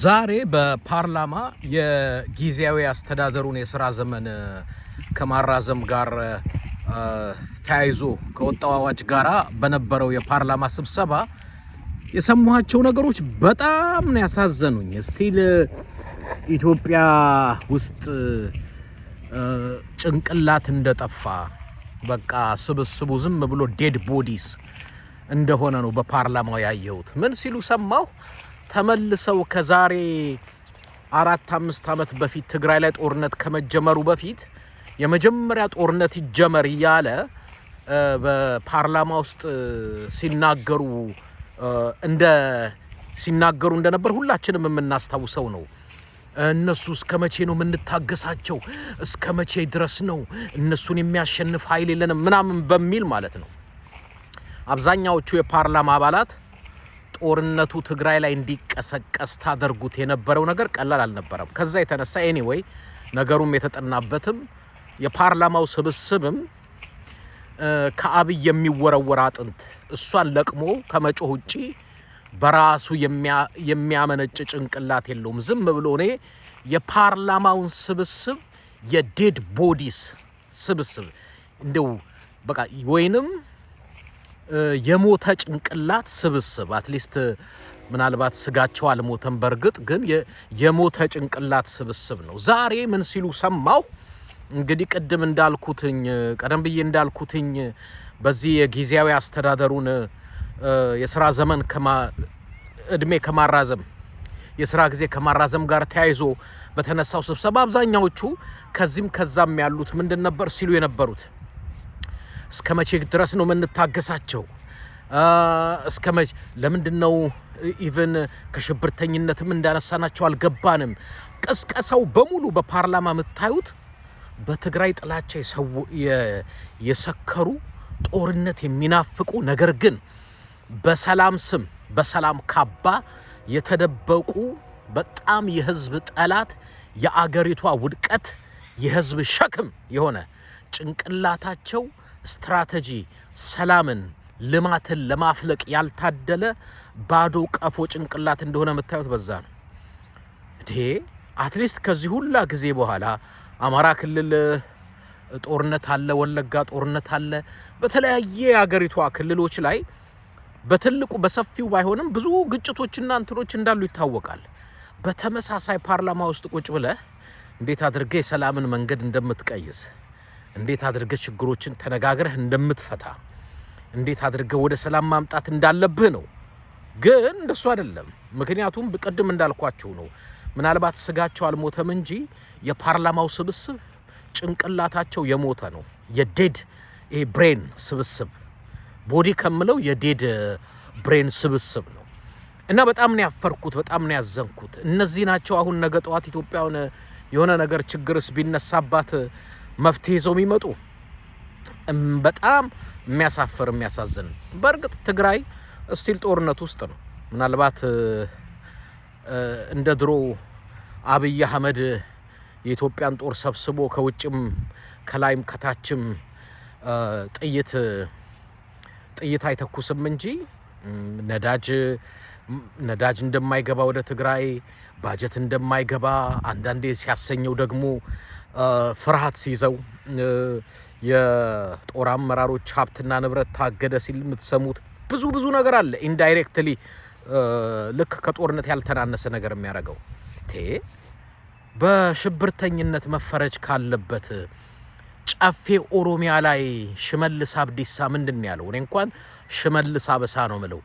ዛሬ በፓርላማ የጊዜያዊ አስተዳደሩን የስራ ዘመን ከማራዘም ጋር ተያይዞ ከወጣው አዋጅ ጋራ በነበረው የፓርላማ ስብሰባ የሰማኋቸው ነገሮች በጣም ነው ያሳዘኑኝ። ስቲል ኢትዮጵያ ውስጥ ጭንቅላት እንደጠፋ በቃ ስብስቡ ዝም ብሎ ዴድ ቦዲስ እንደሆነ ነው በፓርላማው ያየሁት። ምን ሲሉ ሰማሁ? ተመልሰው ከዛሬ አራት አምስት ዓመት በፊት ትግራይ ላይ ጦርነት ከመጀመሩ በፊት የመጀመሪያ ጦርነት ይጀመር እያለ በፓርላማ ውስጥ ሲናገሩ እንደ ሲናገሩ እንደነበር ሁላችንም የምናስታውሰው ነው። እነሱ እስከ መቼ ነው የምንታገሳቸው? እስከ መቼ ድረስ ነው እነሱን የሚያሸንፍ ኃይል የለንም ምናምን በሚል ማለት ነው። አብዛኛዎቹ የፓርላማ አባላት ጦርነቱ ትግራይ ላይ እንዲቀሰቀስ ታደርጉት የነበረው ነገር ቀላል አልነበረም። ከዛ የተነሳ ኤኒዌይ ነገሩም የተጠናበትም የፓርላማው ስብስብም ከአብይ የሚወረወር አጥንት እሷን ለቅሞ ከመጮህ ውጪ በራሱ የሚያመነጭ ጭንቅላት የለውም። ዝም ብሎ እኔ የፓርላማውን ስብስብ የዴድ ቦዲስ ስብስብ እንደው በቃ ወይንም የሞተ ጭንቅላት ስብስብ አትሊስት ምናልባት ስጋቸው አልሞተም። በእርግጥ ግን የሞተ ጭንቅላት ስብስብ ነው። ዛሬ ምን ሲሉ ሰማሁ? እንግዲህ ቅድም እንዳልኩትኝ ቀደም ብዬ እንዳልኩትኝ በዚህ የጊዜያዊ አስተዳደሩን የስራ ዘመን እድሜ ከማራዘም የስራ ጊዜ ከማራዘም ጋር ተያይዞ በተነሳው ስብሰባ አብዛኛዎቹ ከዚህም ከዛም ያሉት ምንድን ነበር ሲሉ የነበሩት እስከ መቼ ድረስ ነው የምንታገሳቸው? እስከ መቼ? ለምንድን ነው ኢቨን ከሽብርተኝነትም እንዳነሳናቸው አልገባንም። ቅስቀሳው በሙሉ በፓርላማ የምታዩት በትግራይ ጥላቻ የሰከሩ ጦርነት የሚናፍቁ ነገር ግን በሰላም ስም በሰላም ካባ የተደበቁ በጣም የህዝብ ጠላት የአገሪቷ ውድቀት የህዝብ ሸክም የሆነ ጭንቅላታቸው ስትራቴጂ ሰላምን፣ ልማትን ለማፍለቅ ያልታደለ ባዶ ቀፎ ጭንቅላት እንደሆነ የምታዩት በዛ ነው። እዴ አትሊስት ከዚህ ሁላ ጊዜ በኋላ አማራ ክልል ጦርነት አለ፣ ወለጋ ጦርነት አለ። በተለያየ የአገሪቷ ክልሎች ላይ በትልቁ በሰፊው ባይሆንም ብዙ ግጭቶችና እንትኖች እንዳሉ ይታወቃል። በተመሳሳይ ፓርላማ ውስጥ ቁጭ ብለህ እንዴት አድርገህ የሰላምን መንገድ እንደምትቀይስ እንዴት አድርገህ ችግሮችን ተነጋግረህ እንደምትፈታ እንዴት አድርገህ ወደ ሰላም ማምጣት እንዳለብህ ነው። ግን እንደሱ አይደለም። ምክንያቱም ብቅድም እንዳልኳቸው ነው። ምናልባት ስጋቸው አልሞተም እንጂ የፓርላማው ስብስብ ጭንቅላታቸው የሞተ ነው። የዴድ ብሬን ስብስብ ቦዲ ከምለው የዴድ ብሬን ስብስብ ነው። እና በጣም ነው ያፈርኩት፣ በጣም ነው ያዘንኩት። እነዚህ ናቸው አሁን ነገ ጠዋት ኢትዮጵያውን የሆነ ነገር ችግርስ ቢነሳባት መፍትሄ ይዘው የሚመጡ በጣም የሚያሳፍር የሚያሳዝን። በእርግጥ ትግራይ እስቲል ጦርነት ውስጥ ነው። ምናልባት እንደ ድሮ አብይ አህመድ የኢትዮጵያን ጦር ሰብስቦ ከውጭም ከላይም ከታችም ጥይት ጥይት አይተኩስም እንጂ ነዳጅ ነዳጅ እንደማይገባ ወደ ትግራይ ባጀት እንደማይገባ አንዳንዴ ሲያሰኘው ደግሞ ፍርሃት ሲይዘው የጦር አመራሮች ሀብትና ንብረት ታገደ ሲል የምትሰሙት ብዙ ብዙ ነገር አለ። ኢንዳይሬክትሊ ልክ ከጦርነት ያልተናነሰ ነገር የሚያደርገው ቴ በሽብርተኝነት መፈረጅ ካለበት ጨፌ ኦሮሚያ ላይ ሽመልስ አብዲሳ ምንድን ነው ያለው? እኔ እንኳን ሽመልስ አበሳ ነው ምለው።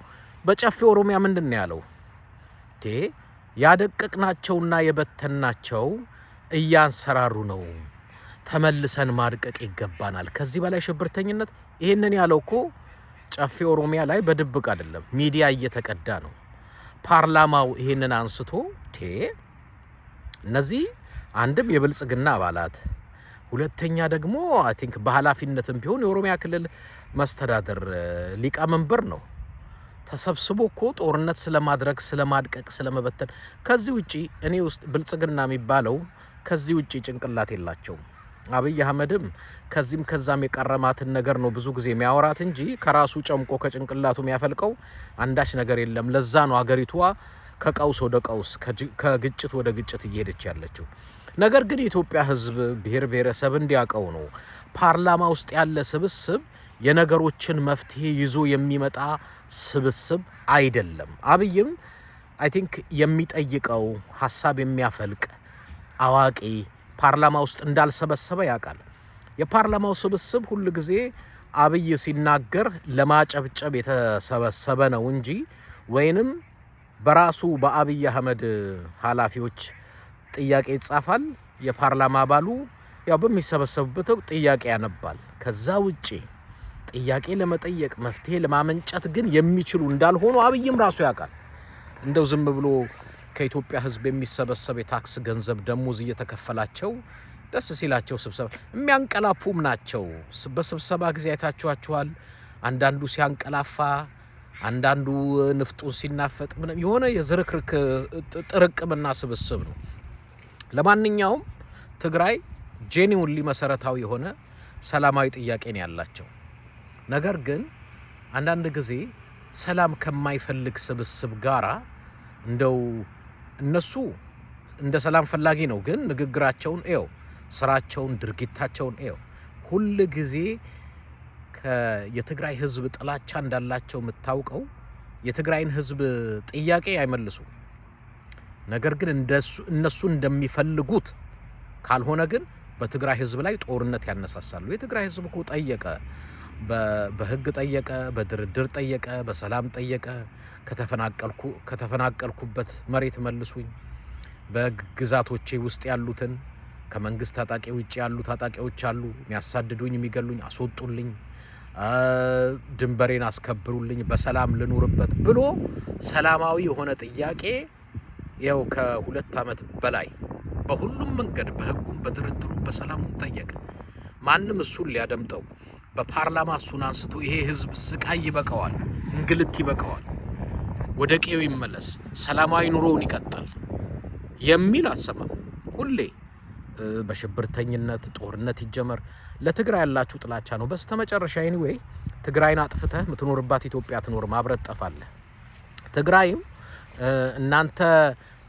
በጨፌ ኦሮሚያ ምንድን ነው ያለው? ያደቀቅናቸውና የበተናቸው እያንሰራሩ ነው። ተመልሰን ማድቀቅ ይገባናል። ከዚህ በላይ ሽብርተኝነት ይህንን ያለው እኮ ጨፌ ኦሮሚያ ላይ በድብቅ አይደለም፣ ሚዲያ እየተቀዳ ነው። ፓርላማው ይህንን አንስቶ ቴ እነዚህ አንድም የብልጽግና አባላት ሁለተኛ ደግሞ አይ ቲንክ በኃላፊነትም ቢሆን የኦሮሚያ ክልል መስተዳደር ሊቀመንበር ነው። ተሰብስቦ እኮ ጦርነት ስለማድረግ ስለማድቀቅ፣ ስለመበተን ከዚህ ውጪ እኔ ውስጥ ብልጽግና የሚባለው ከዚህ ውጭ ጭንቅላት የላቸውም። አብይ አህመድም ከዚህም ከዛም የቀረማትን ነገር ነው ብዙ ጊዜ የሚያወራት እንጂ ከራሱ ጨምቆ ከጭንቅላቱ የሚያፈልቀው አንዳች ነገር የለም። ለዛ ነው አገሪቷ ከቀውስ ወደ ቀውስ ከግጭት ወደ ግጭት እየሄደች ያለችው። ነገር ግን የኢትዮጵያ ሕዝብ ብሔር ብሔረሰብ እንዲያውቀው ነው ፓርላማ ውስጥ ያለ ስብስብ የነገሮችን መፍትሄ ይዞ የሚመጣ ስብስብ አይደለም። አብይም አይ ቲንክ የሚጠይቀው ሀሳብ የሚያፈልቅ አዋቂ ፓርላማ ውስጥ እንዳልሰበሰበ ያውቃል። የፓርላማው ስብስብ ሁል ጊዜ አብይ ሲናገር ለማጨብጨብ የተሰበሰበ ነው እንጂ ወይንም በራሱ በአብይ አህመድ ኃላፊዎች ጥያቄ ይጻፋል። የፓርላማ አባሉ ያው በሚሰበሰቡበት ወቅት ጥያቄ ያነባል። ከዛ ውጪ ጥያቄ ለመጠየቅ መፍትሄ ለማመንጨት ግን የሚችሉ እንዳልሆኑ አብይም ራሱ ያውቃል። እንደው ዝም ብሎ ከኢትዮጵያ ሕዝብ የሚሰበሰብ የታክስ ገንዘብ ደሞዝ እየተከፈላቸው ደስ ሲላቸው ስብሰባ የሚያንቀላፉም ናቸው። በስብሰባ ጊዜ አይታችኋችኋል። አንዳንዱ ሲያንቀላፋ፣ አንዳንዱ ንፍጡን ሲናፈጥ፣ ምንም የሆነ የዝርክርክ ጥርቅምና ስብስብ ነው። ለማንኛውም ትግራይ ጄኒውንሊ መሰረታዊ የሆነ ሰላማዊ ጥያቄ ነው ያላቸው። ነገር ግን አንዳንድ ጊዜ ሰላም ከማይፈልግ ስብስብ ጋራ እንደው እነሱ እንደ ሰላም ፈላጊ ነው፣ ግን ንግግራቸውን እየው፣ ስራቸውን፣ ድርጊታቸውን እየው። ሁል ጊዜ የትግራይ ህዝብ ጥላቻ እንዳላቸው የምታውቀው የትግራይን ህዝብ ጥያቄ አይመልሱ። ነገር ግን እነሱ እንደሚፈልጉት ካልሆነ ግን በትግራይ ህዝብ ላይ ጦርነት ያነሳሳሉ። የትግራይ ህዝብ እኮ ጠየቀ በህግ ጠየቀ፣ በድርድር ጠየቀ፣ በሰላም ጠየቀ። ከተፈናቀልኩበት መሬት መልሱኝ፣ በግዛቶቼ ውስጥ ያሉትን ከመንግስት ታጣቂ ውጭ ያሉ ታጣቂዎች አሉ፣ የሚያሳድዱኝ፣ የሚገሉኝ፣ አስወጡልኝ፣ ድንበሬን አስከብሩልኝ፣ በሰላም ልኑርበት ብሎ ሰላማዊ የሆነ ጥያቄ ያው ከሁለት ዓመት በላይ በሁሉም መንገድ በህጉም፣ በድርድሩም፣ በሰላሙም ጠየቀ። ማንም እሱን ሊያደምጠው በፓርላማ እሱን አንስቶ ይሄ ህዝብ ስቃይ ይበቀዋል፣ እንግልት ይበቀዋል፣ ወደ ቀዬው ይመለስ፣ ሰላማዊ ኑሮውን ይቀጥል የሚል አሰማም ሁሌ በሽብርተኝነት ጦርነት ይጀመር ለትግራይ ያላችሁ ጥላቻ ነው። በስተመጨረሻ ኤኒዌይ ትግራይን አጥፍተህ የምትኖርባት ኢትዮጵያ ትኖር አብረህ ትጠፋለህ። ትግራይም እናንተ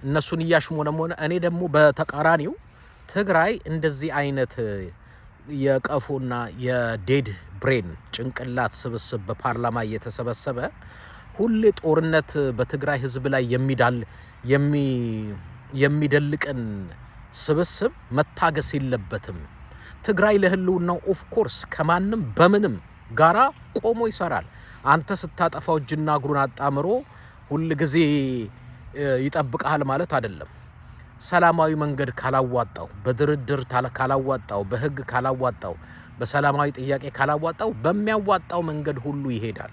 እነሱን እያሽሞነም ሆነ እኔ ደግሞ በተቃራኒው ትግራይ እንደዚህ አይነት የቀፉና የዴድ ብሬን ጭንቅላት ስብስብ በፓርላማ እየተሰበሰበ ሁሌ ጦርነት በትግራይ ህዝብ ላይ የሚዳል የሚደልቅን ስብስብ መታገስ የለበትም። ትግራይ ለህልውናው ኦፍኮርስ ከማንም በምንም ጋራ ቆሞ ይሰራል። አንተ ስታጠፋው እጅና እግሩን አጣምሮ ሁል ጊዜ ይጠብቀሃል ማለት አይደለም። ሰላማዊ መንገድ ካላዋጣው፣ በድርድር ካላዋጣው፣ በህግ ካላዋጣው፣ በሰላማዊ ጥያቄ ካላዋጣው በሚያዋጣው መንገድ ሁሉ ይሄዳል።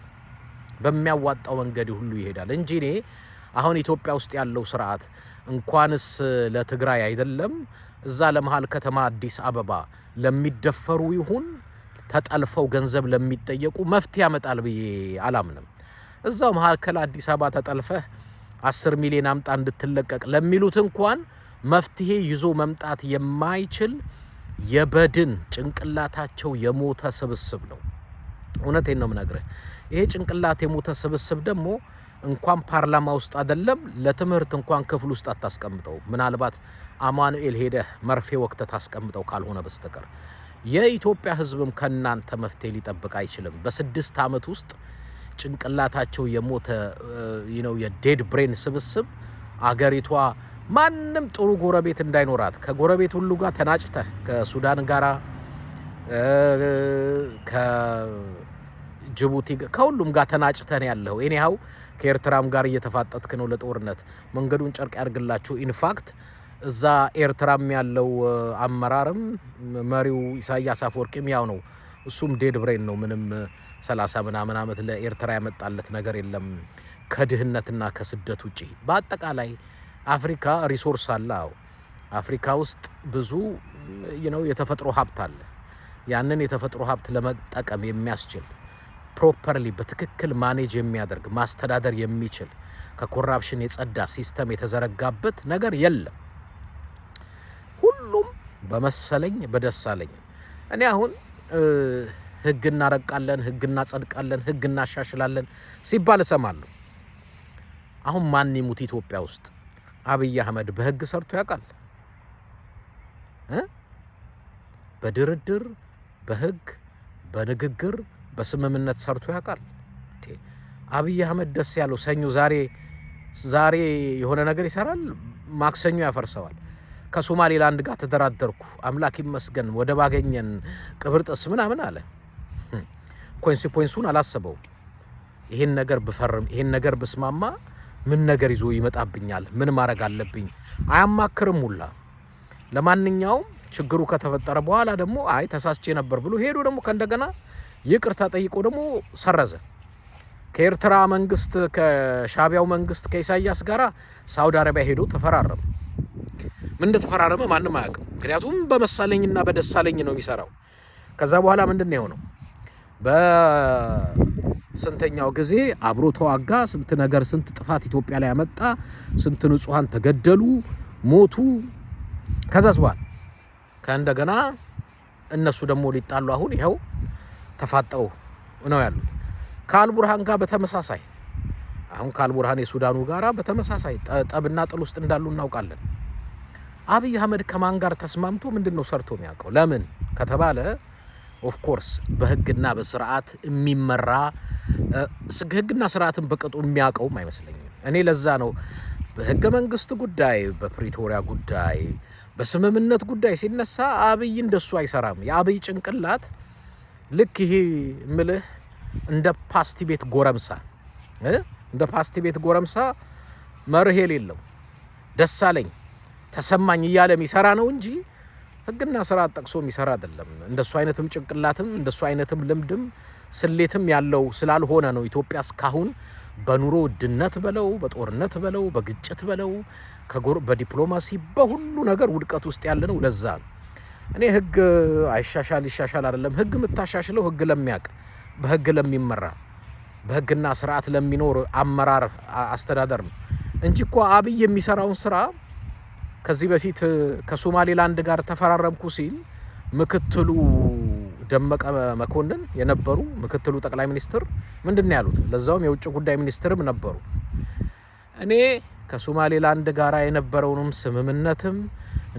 በሚያዋጣው መንገድ ሁሉ ይሄዳል እንጂ እኔ አሁን ኢትዮጵያ ውስጥ ያለው ስርዓት እንኳንስ ለትግራይ አይደለም እዛ ለመሀል ከተማ አዲስ አበባ ለሚደፈሩ ይሁን ተጠልፈው ገንዘብ ለሚጠየቁ መፍትሄ ያመጣል ብዬ አላምንም። እዛው መሀከል አዲስ አበባ ተጠልፈህ አስር ሚሊዮን አምጣ እንድትለቀቅ ለሚሉት እንኳን መፍትሄ ይዞ መምጣት የማይችል የበድን ጭንቅላታቸው የሞተ ስብስብ ነው። እውነቴን ነው የምነግርህ። ይሄ ጭንቅላት የሞተ ስብስብ ደግሞ እንኳን ፓርላማ ውስጥ አይደለም ለትምህርት እንኳን ክፍል ውስጥ አታስቀምጠው። ምናልባት አማኑኤል ሄደህ መርፌ ወቅተ ታስቀምጠው ካልሆነ በስተቀር የኢትዮጵያ ሕዝብም ከእናንተ መፍትሄ ሊጠብቅ አይችልም። በስድስት ዓመት ውስጥ ጭንቅላታቸው የሞተ ነው የዴድ ብሬን ስብስብ አገሪቷ ማንም ጥሩ ጎረቤት እንዳይኖራት ከጎረቤት ሁሉ ጋር ተናጭተህ ከሱዳን ጋራ ከጅቡቲ ከሁሉም ጋር ተናጭተህ ነው ያለው። ኤኒሃው ከኤርትራም ጋር እየተፋጠጥክ ነው ለጦርነት። መንገዱን ጨርቅ ያርግላችሁ ኢንፋክት እዛ ኤርትራም ያለው አመራርም መሪው ኢሳያስ አፈወርቂም ያው ነው። እሱም ዴድ ብሬን ነው ምንም ሰላሳ ምናምን ዓመት ለኤርትራ ያመጣለት ነገር የለም ከድህነትና ከስደት ውጪ። በአጠቃላይ አፍሪካ ሪሶርስ አለ። አዎ አፍሪካ ውስጥ ብዙ ነው የተፈጥሮ ሀብት አለ። ያንን የተፈጥሮ ሀብት ለመጠቀም የሚያስችል ፕሮፐርሊ በትክክል ማኔጅ የሚያደርግ ማስተዳደር የሚችል ከኮራፕሽን የጸዳ ሲስተም የተዘረጋበት ነገር የለም። ሁሉም በመሰለኝ በደሳለኝ እኔ አሁን ህግ እናረቃለን፣ ህግ እናጸድቃለን፣ ህግ እናሻሽላለን ሲባል እሰማለሁ። አሁን ማን ይሙት ኢትዮጵያ ውስጥ አብይ አህመድ በህግ ሰርቶ ያውቃል? በድርድር በህግ በንግግር በስምምነት ሰርቶ ያውቃል? አብይ አህመድ ደስ ያለው ሰኞ ዛሬ ዛሬ የሆነ ነገር ይሰራል፣ ማክሰኞ ያፈርሰዋል። ከሶማሌላንድ ጋር ተደራደርኩ አምላክ ይመስገን ወደብ አገኘን ቅብርጥስ ምናምን አለ። ኮንሲኮንሱን አላሰበው። ይሄን ነገር ብፈርም፣ ይሄን ነገር ብስማማ ምን ነገር ይዞ ይመጣብኛል? ምን ማድረግ አለብኝ? አያማክርም ሁላ። ለማንኛውም ችግሩ ከተፈጠረ በኋላ ደግሞ አይ ተሳስቼ ነበር ብሎ ሄዶ ደግሞ ከእንደገና ይቅርታ ጠይቆ ደግሞ ሰረዘ። ከኤርትራ መንግስት፣ ከሻቢያው መንግስት፣ ከኢሳያስ ጋራ ሳውዲ አረቢያ ሄዶ ተፈራረመ። ምን እንደተፈራረመ ማንም አያውቅም። ምክንያቱም በመሳለኝና በደሳለኝ ነው የሚሰራው። ከዛ በኋላ ምንድን ነው የሆነው? በስንተኛው ጊዜ አብሮ ተዋጋ፣ ስንት ነገር ስንት ጥፋት ኢትዮጵያ ላይ ያመጣ፣ ስንት ንጹሐን ተገደሉ፣ ሞቱ። ከዛስ በኋላ ከእንደገና እነሱ ደግሞ ሊጣሉ አሁን ይኸው ተፋጠው ነው ያሉት። ከአልቡርሃን ጋር በተመሳሳይ አሁን ከአልቡርሃን የሱዳኑ ጋራ በተመሳሳይ ጠብና ጥል ውስጥ እንዳሉ እናውቃለን። አብይ አህመድ ከማን ጋር ተስማምቶ ምንድን ነው ሰርቶ የሚያውቀው? ለምን ከተባለ ኦፍኮርስ በህግና በስርዓት የሚመራ ህግና ስርዓትን በቅጡ የሚያውቀውም አይመስለኝም። እኔ ለዛ ነው በህገ መንግስት ጉዳይ፣ በፕሪቶሪያ ጉዳይ፣ በስምምነት ጉዳይ ሲነሳ አብይ እንደሱ አይሰራም። የአብይ ጭንቅላት ልክ ይሄ ምልህ እንደ ፓስቲ ቤት ጎረምሳ እንደ ፓስቲ ቤት ጎረምሳ መርህ የሌለው ደሳለኝ ተሰማኝ እያለ የሚሰራ ነው እንጂ ህግና ስርዓት ጠቅሶ የሚሰራ አይደለም። እንደሱ አይነትም ጭንቅላትም እንደሱ አይነትም ልምድም ስሌትም ያለው ስላልሆነ ነው ኢትዮጵያ እስካሁን በኑሮ ውድነት በለው በጦርነት በለው በግጭት በለው በዲፕሎማሲ በሁሉ ነገር ውድቀት ውስጥ ያለ ነው። ለዛ ነው እኔ ህግ አይሻሻል ይሻሻል አይደለም። ህግ የምታሻሽለው ህግ ለሚያውቅ በህግ ለሚመራ በህግና ስርዓት ለሚኖር አመራር አስተዳደር ነው እንጂ እኮ አብይ የሚሰራውን ስራ ከዚህ በፊት ከሶማሌላንድ ጋር ተፈራረምኩ ሲል ምክትሉ ደመቀ መኮንን የነበሩ ምክትሉ ጠቅላይ ሚኒስትር ምንድን ነው ያሉት? ለዛውም የውጭ ጉዳይ ሚኒስትርም ነበሩ። እኔ ከሶማሌላንድ ጋር የነበረውንም ስምምነትም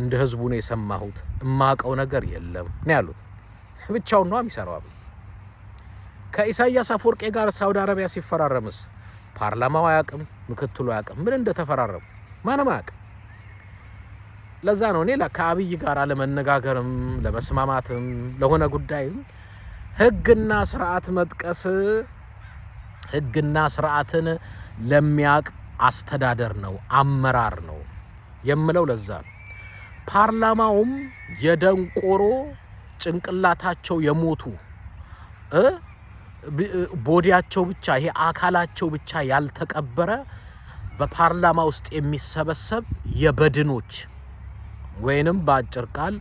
እንደ ህዝቡ ነው የሰማሁት፣ እማቀው ነገር የለም ነው ያሉት። ብቻውን ነው የሚሰራው። ከኢሳያስ አፈወርቄ ጋር ሳውዲ አረቢያ ሲፈራረምስ ፓርላማው አያውቅም፣ ምክትሉ አያውቅም። ምን እንደተፈራረሙ ማንም አያውቅም። ለዛ ነው እኔ ከአብይ ጋር ለመነጋገርም ለመስማማትም ለሆነ ጉዳይም ህግና ስርዓት መጥቀስ ህግና ስርዓትን ለሚያቅ አስተዳደር ነው፣ አመራር ነው የምለው። ለዛ ነው ፓርላማውም የደንቆሮ ጭንቅላታቸው የሞቱ ቦዲያቸው ብቻ ይሄ አካላቸው ብቻ ያልተቀበረ በፓርላማ ውስጥ የሚሰበሰብ የበድኖች ወይንም በአጭር ቃል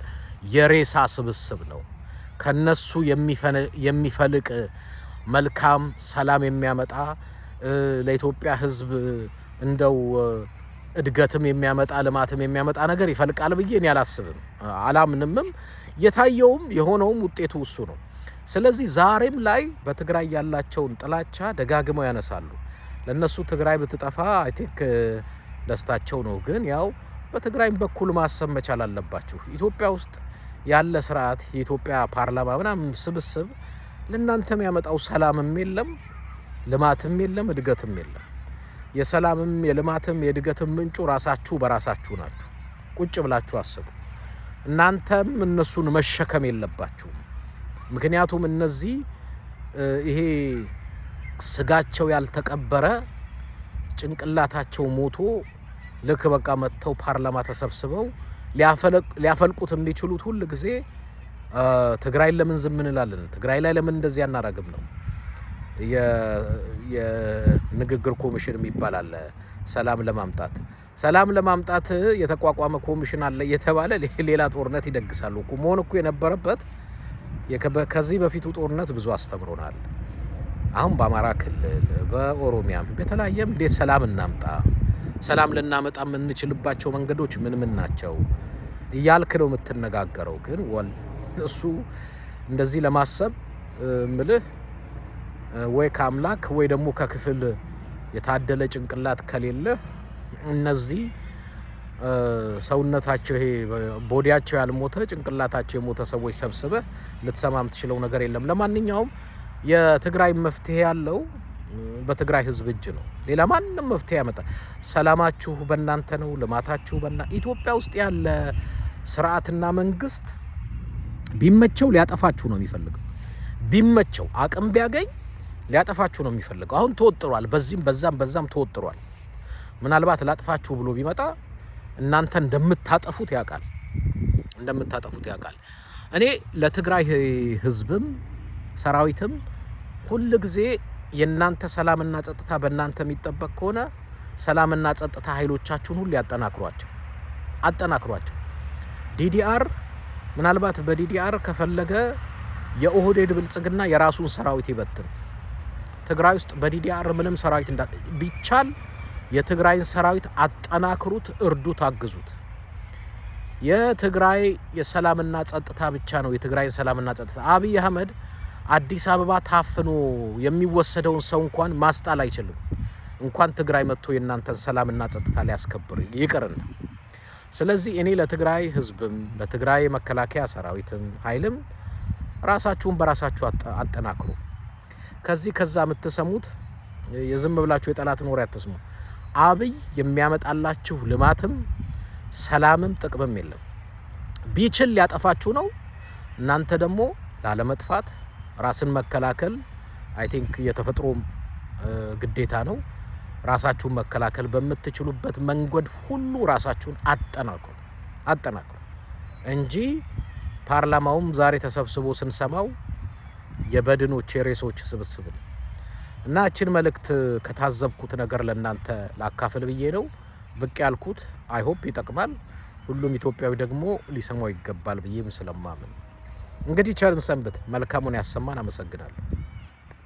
የሬሳ ስብስብ ነው። ከነሱ የሚፈልቅ መልካም ሰላም የሚያመጣ ለኢትዮጵያ ሕዝብ እንደው እድገትም የሚያመጣ ልማትም የሚያመጣ ነገር ይፈልቃል ብዬ እኔ አላስብም፣ አላምንምም። የታየውም የሆነውም ውጤቱ እሱ ነው። ስለዚህ ዛሬም ላይ በትግራይ ያላቸውን ጥላቻ ደጋግመው ያነሳሉ። ለእነሱ ትግራይ ብትጠፋ አይ ቲንክ ደስታቸው ነው ግን ያው በትግራይም በኩል ማሰብ መቻል አለባችሁ። ኢትዮጵያ ውስጥ ያለ ስርዓት የኢትዮጵያ ፓርላማ ምናምን ስብስብ ለእናንተም ያመጣው ሰላምም የለም፣ ልማትም የለም፣ እድገትም የለም። የሰላምም የልማትም የእድገትም ምንጩ ራሳችሁ በራሳችሁ ናችሁ። ቁጭ ብላችሁ አስቡ። እናንተም እነሱን መሸከም የለባችሁም። ምክንያቱም እነዚህ ይሄ ስጋቸው ያልተቀበረ ጭንቅላታቸው ሞቶ ልክ በቃ መጥተው ፓርላማ ተሰብስበው ሊያፈልቁት የሚችሉት ሁል ጊዜ ትግራይ ለምን ዝም እንላለን፣ ትግራይ ላይ ለምን እንደዚህ አናረግም ነው። የንግግር ኮሚሽን የሚባል አለ ሰላም ለማምጣት ሰላም ለማምጣት የተቋቋመ ኮሚሽን አለ እየተባለ ሌላ ጦርነት ይደግሳሉ እኮ መሆን እኮ የነበረበት። ከዚህ በፊቱ ጦርነት ብዙ አስተምሮናል። አሁን በአማራ ክልል በኦሮሚያም በተለያየም እንዴት ሰላም እናምጣ ሰላም ልናመጣ የምንችልባቸው መንገዶች ምን ምን ናቸው እያልክ ነው የምትነጋገረው። ግን ወል እሱ እንደዚህ ለማሰብ ምልህ ወይ ከአምላክ ወይ ደግሞ ከክፍል የታደለ ጭንቅላት ከሌለ እነዚህ ሰውነታቸው ይሄ ቦዲያቸው ያልሞተ ጭንቅላታቸው የሞተ ሰዎች ሰብስበህ ልትሰማ የምትችለው ነገር የለም። ለማንኛውም የትግራይ መፍትሄ ያለው በትግራይ ህዝብ እጅ ነው። ሌላ ማንም መፍትሄ ያመጣ ሰላማችሁ በእናንተ ነው፣ ልማታችሁ በና ኢትዮጵያ ውስጥ ያለ ስርዓትና መንግስት ቢመቸው ሊያጠፋችሁ ነው የሚፈልገው። ቢመቸው አቅም ቢያገኝ ሊያጠፋችሁ ነው የሚፈልገው። አሁን ተወጥሯል፣ በዚህም በዛም በዛም ተወጥሯል። ምናልባት ላጥፋችሁ ብሎ ቢመጣ እናንተ እንደምታጠፉት ያውቃል፣ እንደምታጠፉት ያውቃል። እኔ ለትግራይ ህዝብም ሰራዊትም ሁል ጊዜ የእናንተ ሰላምና ጸጥታ በእናንተ የሚጠበቅ ከሆነ ሰላምና ጸጥታ ኃይሎቻችሁን ሁሉ ያጠናክሯቸው አጠናክሯቸው። ዲዲአር ምናልባት በዲዲአር ከፈለገ የኦህዴድ ብልጽግና የራሱን ሰራዊት ይበትን። ትግራይ ውስጥ በዲዲአር ምንም ሰራዊት እንዳ ቢቻል የትግራይን ሰራዊት አጠናክሩት፣ እርዱት፣ አግዙት። የትግራይ የሰላምና ጸጥታ ብቻ ነው የትግራይን ሰላምና ጸጥታ አብይ አህመድ አዲስ አበባ ታፍኖ የሚወሰደውን ሰው እንኳን ማስጣል አይችልም። እንኳን ትግራይ መጥቶ የእናንተን ሰላምና ጸጥታ ሊያስከብር ይቅርና። ስለዚህ እኔ ለትግራይ ህዝብም ለትግራይ መከላከያ ሰራዊትም ኃይልም ራሳችሁን በራሳችሁ አጠናክሩ። ከዚህ ከዛ የምትሰሙት የዝም ብላችሁ የጠላትን ወሬ አትስሙ። አብይ የሚያመጣላችሁ ልማትም ሰላምም ጥቅምም የለም። ቢችል ሊያጠፋችሁ ነው። እናንተ ደግሞ ላለመጥፋት ራስን መከላከል አይ ቲንክ የተፈጥሮ ግዴታ ነው። ራሳችሁን መከላከል በምትችሉበት መንገድ ሁሉ ራሳችሁን አጠናክሩ አጠናክሩ እንጂ ፓርላማውም ዛሬ ተሰብስቦ ስንሰማው የበድኖች የሬሶች ስብስብ ነው እና እችን መልእክት ከታዘብኩት ነገር ለእናንተ ላካፍል ብዬ ነው ብቅ ያልኩት። አይሆፕ ይጠቅማል። ሁሉም ኢትዮጵያዊ ደግሞ ሊሰማው ይገባል ብዬም ስለማምን እንግዲህ ቸርን ሰንብት። መልካሙን ያሰማን። አመሰግናለሁ።